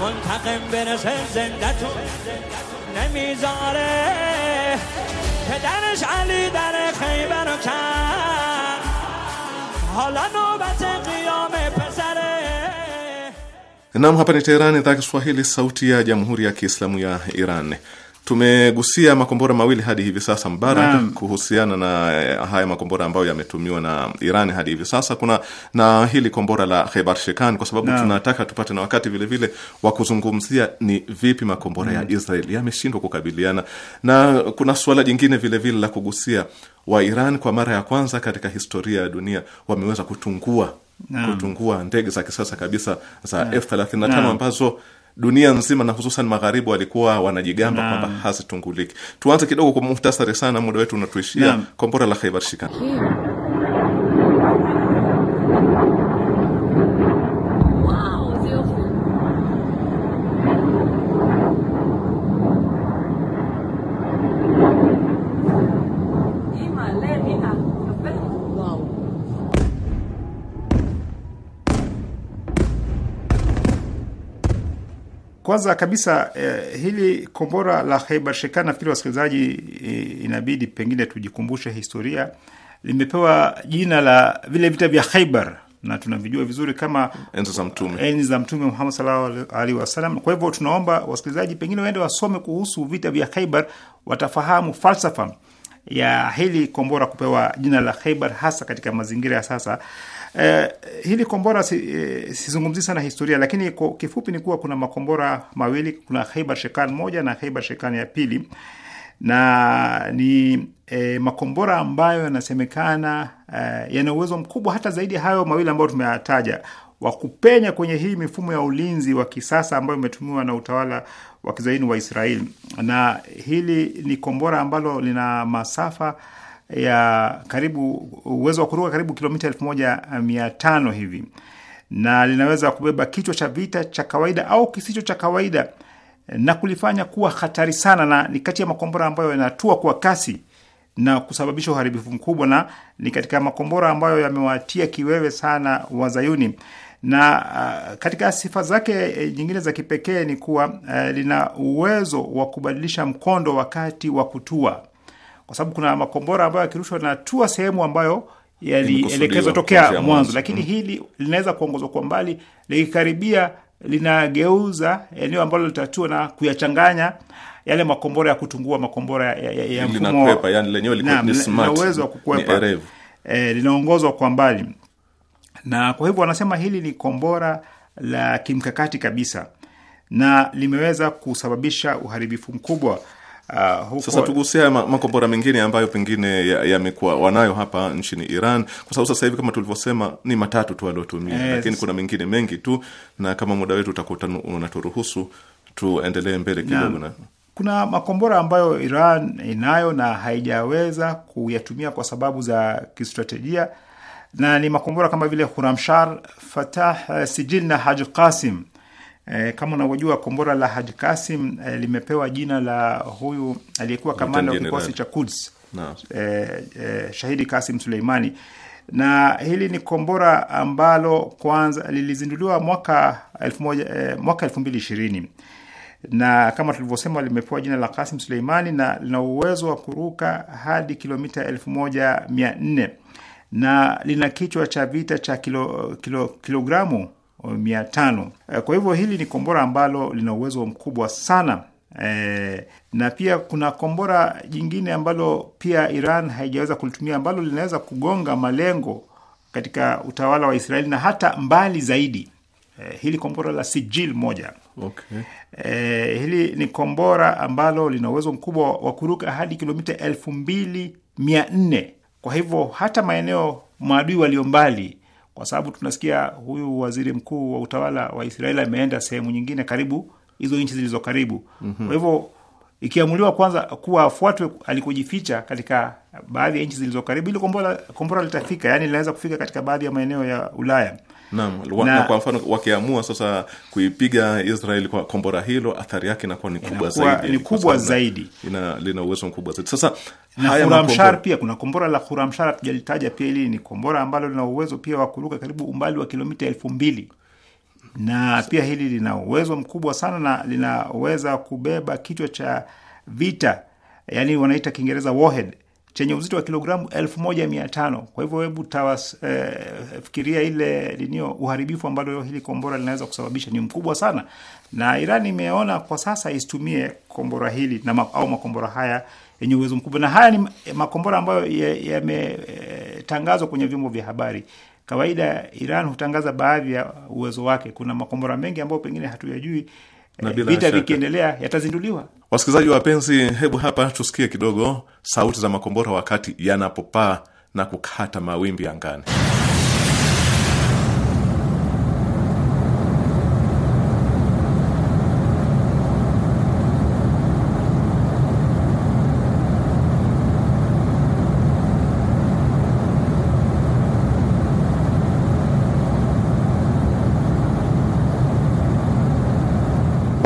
S2: منتقم برسه زندتون نمیذاره پدرش علی در خیبر رو کرد حالا نوبت قیام
S6: پسره
S1: Nam, hapa ni Teherani, idhaa Kiswahili, sauti ya jamhuri ya kiislamu ya Iran. Tumegusia makombora mawili hadi hivi sasa Mbarak, mm. kuhusiana na eh, haya makombora ambayo yametumiwa na Iran hadi hivi sasa, kuna na hili kombora la Khaibar Shekan, kwa sababu mm. tunataka tupate na wakati vile vile wa kuzungumzia ni vipi makombora mm. ya Israel yameshindwa kukabiliana na. Kuna suala jingine vile vile la kugusia, wa Iran kwa mara ya kwanza katika historia ya dunia wameweza kutungua, kutungua ndege za kisasa kabisa za F35 ambazo dunia nzima na hususan magharibi walikuwa wanajigamba kwamba hazitunguliki. Tuanze kidogo kwa muhtasari sana, muda wetu unatuishia. Kombora la Khaibar Shikan
S5: Kwanza kabisa eh, hili kombora la Khaibar Shekan, nafikiri wasikilizaji, eh, inabidi pengine tujikumbushe historia. Limepewa jina la vile vita vya Khaibar na tunavijua vizuri kama enzi za mtume, enzi za Mtume Muhammad sallallahu alaihi wasallam. Kwa hivyo tunaomba wasikilizaji pengine waende wasome kuhusu vita vya Khaibar, watafahamu falsafa ya hili kombora kupewa jina la Khaibar, hasa katika mazingira ya sasa Eh, hili kombora si, eh, sizungumzi sana historia, lakini kwa kifupi ni kuwa kuna makombora mawili, kuna Khaibar Shekan moja na Khaibar Shekan ya pili, na ni eh, makombora ambayo yanasemekana eh, yana uwezo mkubwa hata zaidi hayo mawili ambayo tumeyataja wa kupenya kwenye hii mifumo ya ulinzi wa kisasa ambayo imetumiwa na utawala wa kizaini wa Israeli, na hili ni kombora ambalo lina masafa ya karibu uwezo wa kuruka karibu kilomita elfu moja eh, mia tano hivi na linaweza kubeba kichwa cha vita cha kawaida au kisicho cha kawaida eh, na kulifanya kuwa hatari sana, na ni kati ya makombora ambayo yanatua kwa kasi na kusababisha uharibifu mkubwa, na ni katika makombora ambayo yamewatia kiwewe sana Wazayuni. Na uh, katika sifa zake nyingine za kipekee ni kuwa uh, lina uwezo wa kubadilisha mkondo wakati wa kutua kwa sababu kuna makombora ambayo yakirushwa na tua sehemu ambayo yalielekezwa tokea mwanzo, lakini mm, hili linaweza kuongozwa kwa mbali, likikaribia linageuza eneo ambalo litatua na kuyachanganya yale makombora ya kutungua, makombora ya, ya, ya mfumo na uwezo wa kukwepa, eh, linaongozwa kwa mbali, na kwa hivyo wanasema hili ni kombora la kimkakati kabisa na limeweza kusababisha uharibifu mkubwa. Uh, huko... Sasa
S1: tugusia makombora mengine ambayo pengine yamekuwa ya wanayo hapa nchini Iran, kwa sababu sasa hivi kama tulivyosema ni matatu tu waliotumia yes. Lakini kuna mengine mengi tu, na kama muda wetu utakuta unaturuhusu tuendelee mbele kidogo na
S5: kuna makombora ambayo Iran inayo na haijaweza kuyatumia kwa sababu za kistratejia, na ni makombora kama vile huramshar Fatah, eh, Sijil na Haj Qasim E, kama unavyojua kombora la Haji Kasim e, limepewa jina la huyu aliyekuwa kamanda wa kikosi cha Quds no. E, eh, e, Shahidi Kasim Suleimani na hili ni kombora ambalo kwanza lilizinduliwa mwaka elfu moja, e, mwaka elfu mbili ishirini na kama tulivyosema limepewa jina la Kasim Suleimani na lina uwezo wa kuruka hadi kilomita elfu moja mia nne na lina kichwa cha vita cha kilo, kilo, kilogramu mia tano. Eh, kwa hivyo hili ni kombora ambalo lina uwezo mkubwa sana e, na pia kuna kombora jingine ambalo pia Iran haijaweza kulitumia ambalo linaweza kugonga malengo katika utawala wa Israeli na hata mbali zaidi. E, hili kombora la Sijil moja. Okay. E, hili ni kombora ambalo lina uwezo mkubwa wa kuruka hadi kilomita elfu mbili mia nne. Kwa hivyo hata maeneo maadui walio mbali kwa sababu tunasikia huyu waziri mkuu wa utawala wa Israeli ameenda sehemu nyingine karibu hizo nchi zilizo karibu. mm -hmm. Kwa hivyo ikiamuliwa kwanza kuwa afuatwe alikojificha katika baadhi ya nchi zilizo karibu, ili kombora litafika, yani linaweza kufika katika baadhi ya maeneo ya Ulaya.
S1: Naam, na, na kwa mfano wakiamua sasa kuipiga Israel kwa kombora hilo, athari yake inakuwa ni kubwa zaidi, ni kubwa zaidi, ina lina uwezo mkubwa zaidi. Sasa na
S5: pia kuna kombora la Huramshar hatujalitaja pia, hili ni kombora ambalo lina uwezo pia wa kuruka karibu umbali wa kilomita elfu mbili na pia hili lina uwezo mkubwa sana na linaweza kubeba kichwa cha vita, yani wanaita Kiingereza warhead chenye uzito wa kilogramu elfu moja mia tano. Kwa hivyo hebu tawafikiria eh, ile linio uharibifu ambalo hili kombora linaweza kusababisha ni mkubwa sana, na Iran imeona kwa sasa isitumie kombora hili na ma, au makombora haya yenye uwezo mkubwa, na haya ni makombora ambayo yametangazwa ya kwenye vyombo vya habari. Kawaida Iran hutangaza baadhi ya uwezo wake. Kuna makombora mengi ambayo pengine hatuyajui. Eh, vita vikiendelea yatazinduliwa.
S1: Wasikilizaji wapenzi, hebu hapa tusikie kidogo sauti za makombora wakati yanapopaa na kukata mawimbi angani.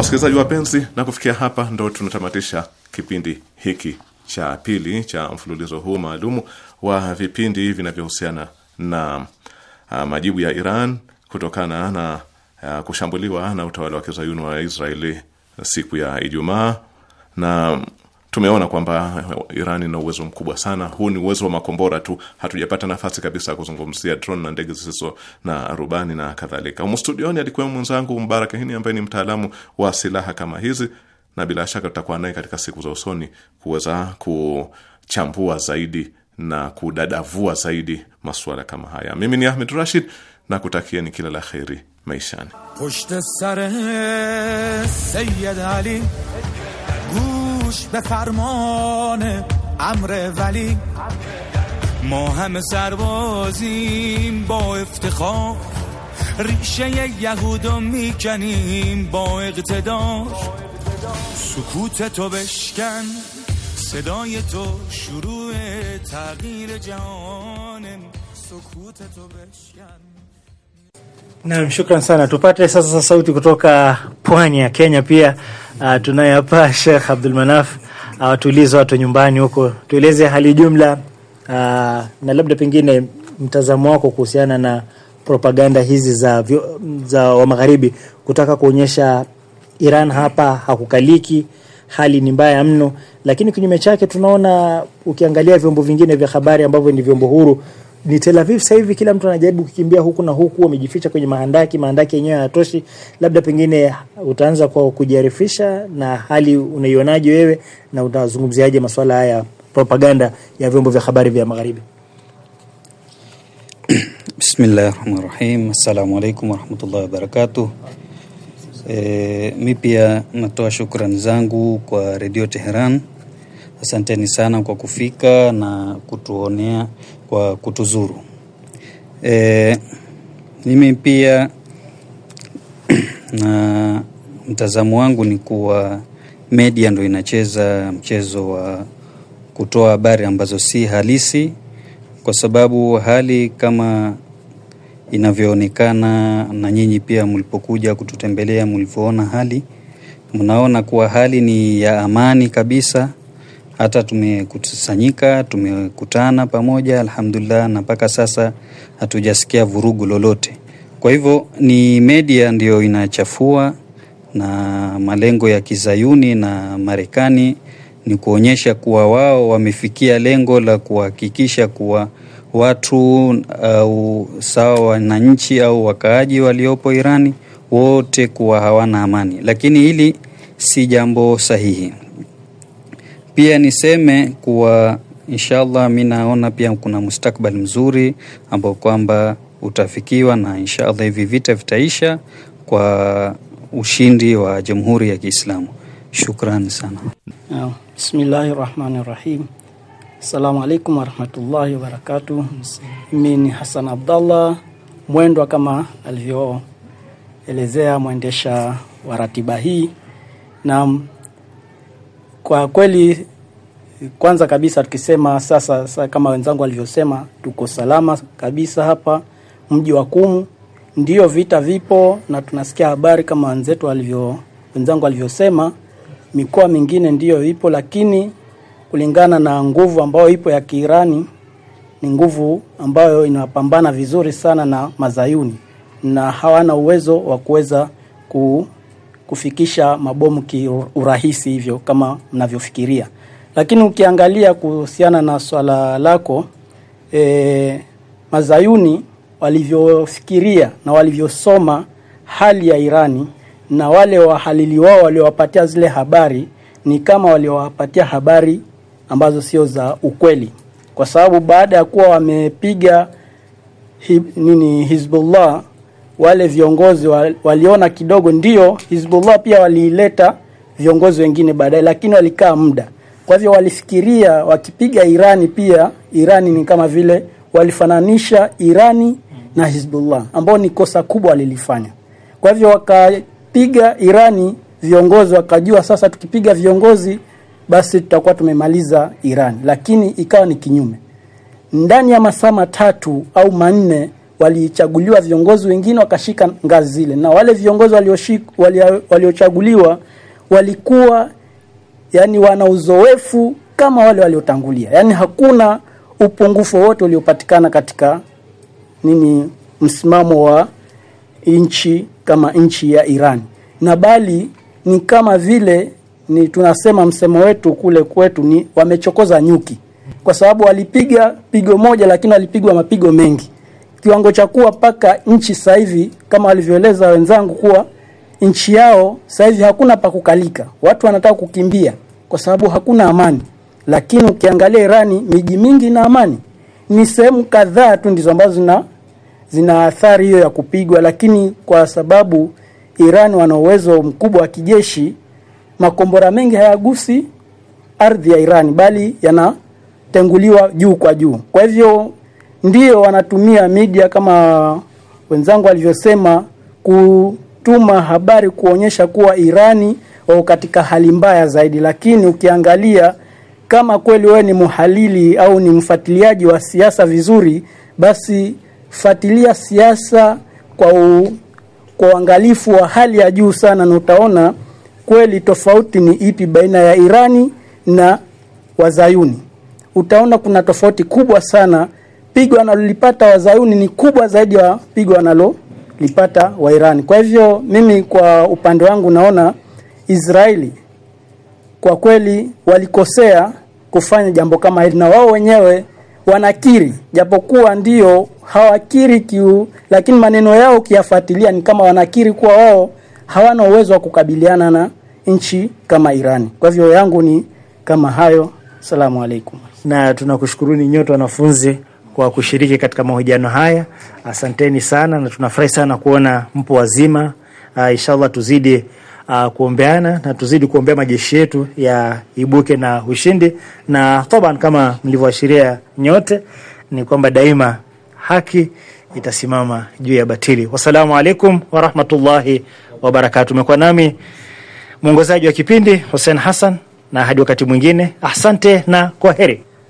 S1: Wasikilizaji wapenzi, na kufikia hapa ndo tunatamatisha kipindi hiki cha pili cha mfululizo huu maalumu wa vipindi vinavyohusiana na a, ah, majibu ya Iran kutokana na a, ah, kushambuliwa na utawala wa kizayuni wa Israeli siku ya Ijumaa na tumeona kwamba eh, Iran ina uwezo mkubwa sana. Huu ni uwezo wa makombora tu, hatujapata nafasi kabisa ya kuzungumzia drone na ndege zisizo na rubani na kadhalika. Humu studioni alikuwemo mwenzangu Mbaraka Hini ambaye ni mtaalamu wa silaha kama hizi, na bila shaka tutakuwa naye katika siku za usoni kuweza kuchambua zaidi na kudadavua zaidi masuala kama haya. Mimi ni Ahmed Rashid na kutakia ni kila la kheri maishani.
S2: گوش به فرمان امر ولی ما همه سربازیم با افتخار ریشه یهودو میکنیم با اقتدار سکوت تو بشکن صدای تو شروع تغییر جهان سکوت تو بشکن
S7: Naam, shukran sana. Tupate sasa sauti kutoka pwani ya Kenya pia Uh, tunaye hapa Sheikh Abdul Manaf awatulize ah, uh, watu nyumbani huko, tueleze hali jumla uh, na labda pengine mtazamo wako kuhusiana na propaganda hizi za, za wa magharibi kutaka kuonyesha Iran hapa hakukaliki, hali ni mbaya mno, lakini kinyume chake tunaona, ukiangalia vyombo vingine vya habari ambavyo ni vyombo huru ni Tel Aviv sasa hivi kila mtu anajaribu kukimbia huku na huku, wamejificha kwenye mahandaki. Mahandaki yenyewe hayatoshi, labda pengine utaanza kwa kujiarifisha na hali unaionaje wewe, na utazungumziaje masuala haya propaganda ya vyombo vya habari vya
S6: magharibi? bismillahi Rahmanir Rahim. Assalamu alaykum warahmatullahi wabarakatu E, eh, mi pia natoa shukrani zangu kwa Radio Tehran Asanteni sana kwa kufika na kutuonea kwa kutuzuru. E, mimi pia na mtazamo wangu ni kuwa media ndo inacheza mchezo wa kutoa habari ambazo si halisi, kwa sababu hali kama inavyoonekana na nyinyi pia mlipokuja kututembelea, mlivyoona hali, mnaona kuwa hali ni ya amani kabisa hata tumekusanyika, tumekutana pamoja alhamdulillah, na mpaka sasa hatujasikia vurugu lolote. Kwa hivyo ni media ndiyo inachafua na malengo ya kizayuni na Marekani ni kuonyesha kuwa wao wamefikia lengo la kuhakikisha kuwa watu au uh, sawa wananchi au wakaaji waliopo Irani wote kuwa hawana amani, lakini hili si jambo sahihi. Pia niseme kuwa inshallah, mi naona pia kuna mustakbali mzuri ambao kwamba utafikiwa na inshallah hivi vita vitaisha kwa ushindi wa Jamhuri ya Kiislamu. Shukrani sana.
S8: bismillahi rahmani Rahim. Assalamu alaikum warahmatullahi wabarakatuh. Mimi ni Hassan Abdallah Mwendwa, kama alivyoelezea mwendesha wa ratiba hii Naam, kwa kweli, kwanza kabisa tukisema sasa, sasa kama wenzangu walivyosema, tuko salama kabisa hapa mji wa Kumu. ndio vita vipo na tunasikia habari kama wenzetu walivyo, wenzangu walivyosema, mikoa mingine ndiyo ipo, lakini kulingana na nguvu ambayo ipo ya Kiirani ni nguvu ambayo inapambana vizuri sana na Mazayuni na hawana uwezo wa kuweza ku kufikisha mabomu kiurahisi hivyo kama mnavyofikiria. Lakini ukiangalia kuhusiana na swala lako e, mazayuni walivyofikiria na walivyosoma hali ya Irani na wale wahalili wao waliowapatia zile habari ni kama waliowapatia habari ambazo sio za ukweli, kwa sababu baada ya kuwa wamepiga hi, nini Hizbullah wale viongozi waliona kidogo ndio Hizbullah pia waliileta viongozi wengine baadaye, lakini walikaa muda. Kwa hivyo walifikiria wakipiga Irani pia, Irani ni kama vile walifananisha Irani na Hizbullah, ambao ni kosa kubwa walilifanya. Kwa hivyo wakapiga Irani viongozi, wakajua sasa tukipiga viongozi basi tutakuwa tumemaliza Irani, lakini ikawa ni kinyume. Ndani ya masaa matatu au manne walichaguliwa viongozi wengine wakashika ngazi zile, na wale viongozi waliochaguliwa wali walikuwa yani wana uzoefu kama wale waliotangulia, yani hakuna upungufu wote uliopatikana katika nini msimamo wa nchi kama nchi ya Iran, na bali ni kama vile ni tunasema msemo wetu kule kwetu ni wamechokoza nyuki, kwa sababu walipiga pigo moja, lakini walipigwa mapigo mengi kiwango cha kuwa mpaka nchi sasa hivi kama walivyoeleza wenzangu kuwa nchi yao sasa hivi hakuna pa kukalika, watu wanataka kukimbia kwa sababu hakuna amani. Lakini ukiangalia Irani, miji mingi ina amani, ni sehemu kadhaa tu ndizo ambazo zina zina athari hiyo ya kupigwa, lakini kwa sababu Iran wana uwezo mkubwa wa kijeshi, makombora mengi hayagusi ardhi ya Iran bali yanatenguliwa juu kwa juu. Kwa hivyo ndio wanatumia media kama wenzangu walivyosema kutuma habari kuonyesha kuwa Irani o katika hali mbaya zaidi, lakini ukiangalia kama kweli wewe ni muhalili au ni mfuatiliaji wa siasa vizuri, basi fuatilia siasa kwa u, kwa uangalifu wa hali ya juu sana, na utaona kweli tofauti ni ipi baina ya Irani na Wazayuni. Utaona kuna tofauti kubwa sana pigo analolipata wazayuni ni kubwa zaidi ya pigo analolipata Wairani. Kwa hivyo mimi kwa upande wangu naona Israeli kwa kweli walikosea kufanya jambo kama hili, na wao wenyewe wanakiri, japokuwa ndio hawakiri kiu, lakini maneno yao ukiyafuatilia ni kama wanakiri kuwa wao hawana uwezo wa kukabiliana na nchi kama Irani.
S7: Kwa hivyo yangu ni kama hayo. Asalamu alaykum. Na tunakushukuruni nyote wanafunzi kwa kushiriki katika mahojiano haya. Asanteni sana na tunafurahi sana kuona mpo wazima. Uh, inshallah tuzidi uh, kuombeana na tuzidi kuombea majeshi yetu ya ibuke na ushindi, na toban, kama mlivyoashiria nyote, ni kwamba daima haki itasimama juu ya batili. Wassalamu alaikum warahmatullahi wabarakatu. Umekuwa nami mwongozaji wa kipindi Hussein Hassan, na hadi wakati mwingine, asante na kwa heri.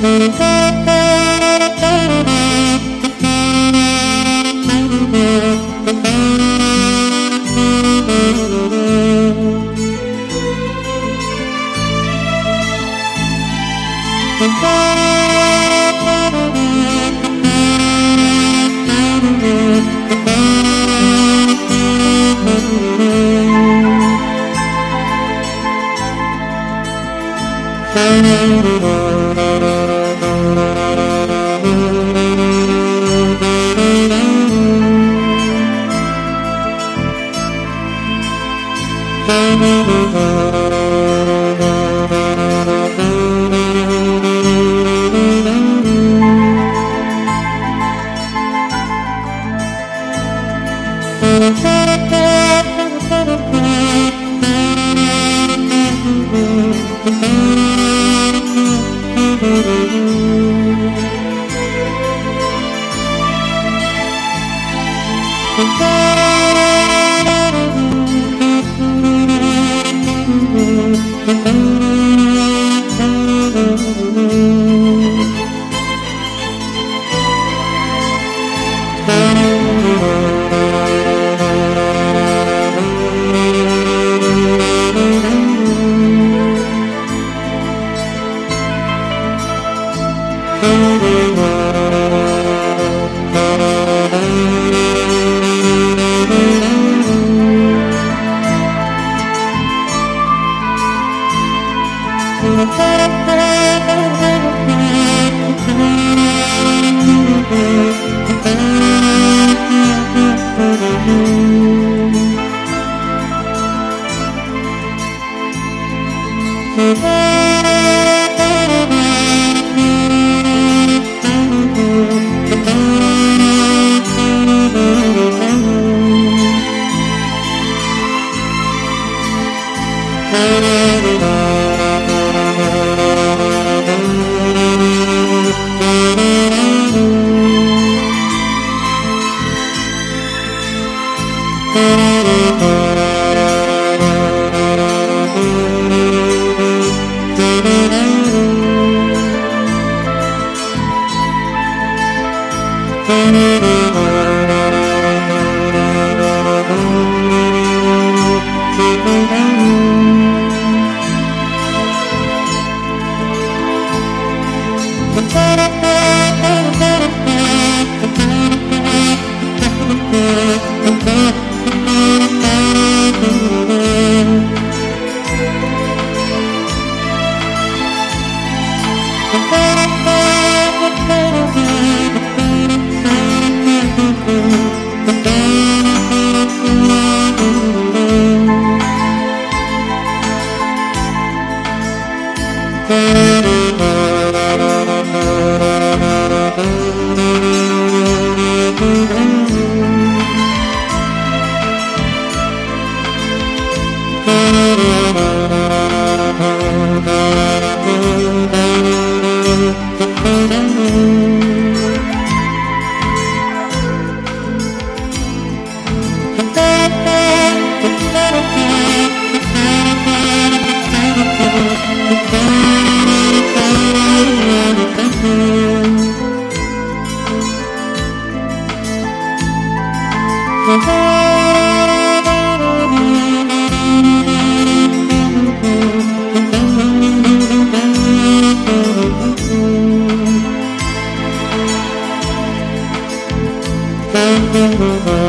S9: Música Mm-hmm.